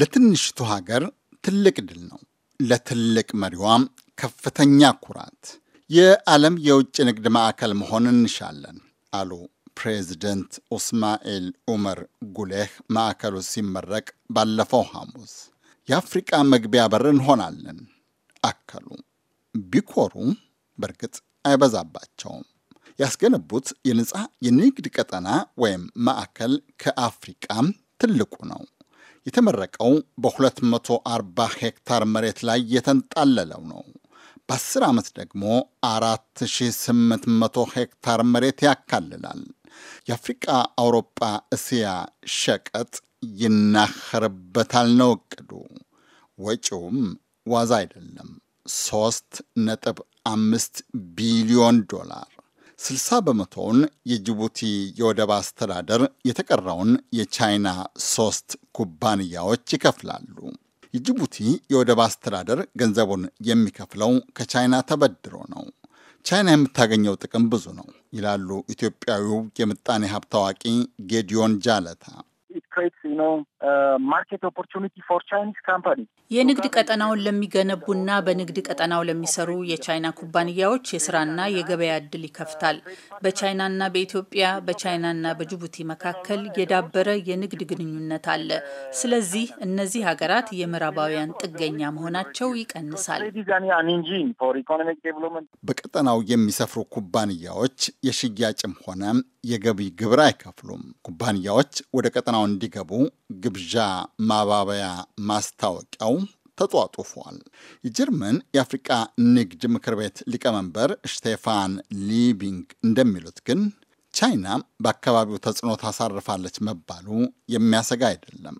ለትንሽቱ ሀገር ትልቅ ድል ነው። ለትልቅ መሪዋም ከፍተኛ ኩራት። የዓለም የውጭ ንግድ ማዕከል መሆን እንሻለን አሉ ፕሬዚደንት ኡስማኤል ኡመር ጉሌህ ማዕከሉ ሲመረቅ ባለፈው ሐሙስ። የአፍሪቃ መግቢያ በር እንሆናለን አከሉ። ቢኮሩ በእርግጥ አይበዛባቸውም። ያስገነቡት የነፃ የንግድ ቀጠና ወይም ማዕከል ከአፍሪቃም ትልቁ ነው። የተመረቀው በ240 ሄክታር መሬት ላይ የተንጣለለው ነው። በ10 ዓመት ደግሞ 4800 ሄክታር መሬት ያካልላል። የአፍሪቃ፣ አውሮጳ፣ እስያ ሸቀጥ ይናኸርበታል ነው እቅዱ። ወጪውም ዋዛ አይደለም፣ 3 ነጥብ 5 ቢሊዮን ዶላር 60 በመቶውን የጅቡቲ የወደብ አስተዳደር የተቀረውን የቻይና ሶስት ኩባንያዎች ይከፍላሉ። የጅቡቲ የወደብ አስተዳደር ገንዘቡን የሚከፍለው ከቻይና ተበድሮ ነው። ቻይና የምታገኘው ጥቅም ብዙ ነው ይላሉ ኢትዮጵያዊው የምጣኔ ሀብት አዋቂ ጌዲዮን ጃለታ። የንግድ ቀጠናውን ለሚገነቡና በንግድ ቀጠናው ለሚሰሩ የቻይና ኩባንያዎች የስራና የገበያ እድል ይከፍታል። በቻይናና በኢትዮጵያ በቻይናና በጅቡቲ መካከል የዳበረ የንግድ ግንኙነት አለ። ስለዚህ እነዚህ ሀገራት የምዕራባውያን ጥገኛ መሆናቸው ይቀንሳል። በቀጠናው የሚሰፍሩ ኩባንያዎች የሽያጭም ሆነ የገቢ ግብር አይከፍሉም። ኩባንያዎች ወደ ቀጠናው እንዲ እንዲገቡ ግብዣ ማባበያ ማስታወቂያው ተጧጡፏል። የጀርመን የአፍሪቃ ንግድ ምክር ቤት ሊቀመንበር ስቴፋን ሊቢንግ እንደሚሉት ግን ቻይና በአካባቢው ተጽዕኖ ታሳርፋለች መባሉ የሚያሰጋ አይደለም።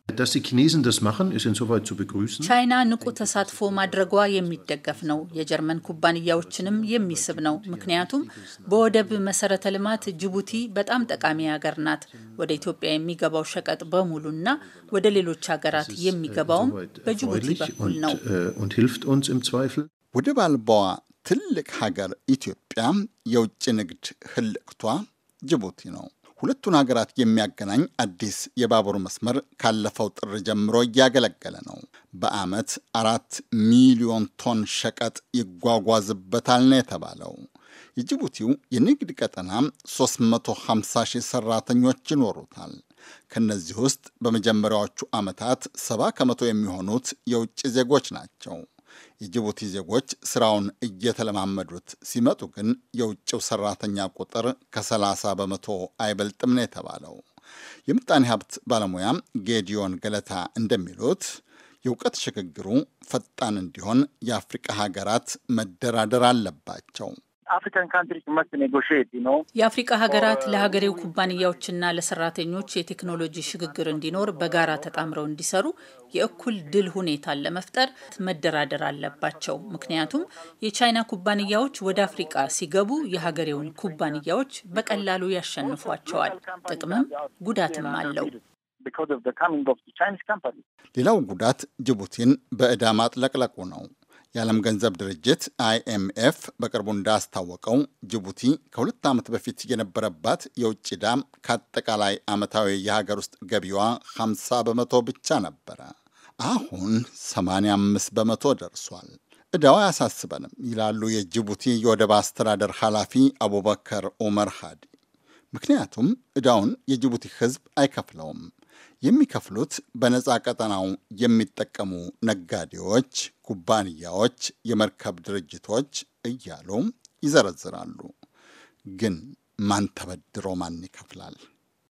ቻይና ንቁ ተሳትፎ ማድረጓ የሚደገፍ ነው። የጀርመን ኩባንያዎችንም የሚስብ ነው። ምክንያቱም በወደብ መሰረተ ልማት ጅቡቲ በጣም ጠቃሚ ሀገር ናት። ወደ ኢትዮጵያ የሚገባው ሸቀጥ በሙሉና ወደ ሌሎች ሀገራት äh, የሚገባውም በጅቡቲ በኩል ነው። äh, ወደብ አልባዋ ትልቅ ሀገር ኢትዮጵያ የውጭ ንግድ ህልቅቷ ጅቡቲ ነው። ሁለቱን ሀገራት የሚያገናኝ አዲስ የባቡር መስመር ካለፈው ጥር ጀምሮ እያገለገለ ነው። በዓመት አራት ሚሊዮን ቶን ሸቀጥ ይጓጓዝበታል ነው የተባለው። የጅቡቲው የንግድ ቀጠና 350 ሺህ ሰራተኞች ይኖሩታል። ከእነዚህ ውስጥ በመጀመሪያዎቹ ዓመታት ሰባ ከመቶ የሚሆኑት የውጭ ዜጎች ናቸው። የጅቡቲ ዜጎች ስራውን እየተለማመዱት ሲመጡ ግን የውጭው ሰራተኛ ቁጥር ከ30 በመቶ አይበልጥም ነው የተባለው። የምጣኔ ሀብት ባለሙያም ጌዲዮን ገለታ እንደሚሉት የእውቀት ሽግግሩ ፈጣን እንዲሆን የአፍሪቃ ሀገራት መደራደር አለባቸው። የአፍሪቃ ሀገራት uh, ለሀገሬው ኩባንያዎችና ለሰራተኞች የቴክኖሎጂ ሽግግር እንዲኖር በጋራ ተጣምረው እንዲሰሩ የእኩል ድል ሁኔታን ለመፍጠር መደራደር አለባቸው። ምክንያቱም የቻይና ኩባንያዎች ወደ አፍሪቃ ሲገቡ የሀገሬውን ኩባንያዎች በቀላሉ ያሸንፏቸዋል። ጥቅምም ጉዳትም አለው። ሌላው ጉዳት ጅቡቲን በዕዳ ማጥለቅለቁ ነው። የዓለም ገንዘብ ድርጅት አይኤምኤፍ በቅርቡ እንዳስታወቀው ጅቡቲ ከሁለት ዓመት በፊት የነበረባት የውጭ ዳም ከአጠቃላይ ዓመታዊ የሀገር ውስጥ ገቢዋ 50 በመቶ ብቻ ነበረ። አሁን 85 በመቶ ደርሷል። ዕዳው አያሳስበንም ይላሉ የጅቡቲ የወደብ አስተዳደር ኃላፊ አቡበከር ኡመር ሃዲ። ምክንያቱም እዳውን የጅቡቲ ህዝብ አይከፍለውም። የሚከፍሉት በነፃ ቀጠናው የሚጠቀሙ ነጋዴዎች፣ ኩባንያዎች፣ የመርከብ ድርጅቶች እያሉ ይዘረዝራሉ። ግን ማን ተበድሮ ማን ይከፍላል?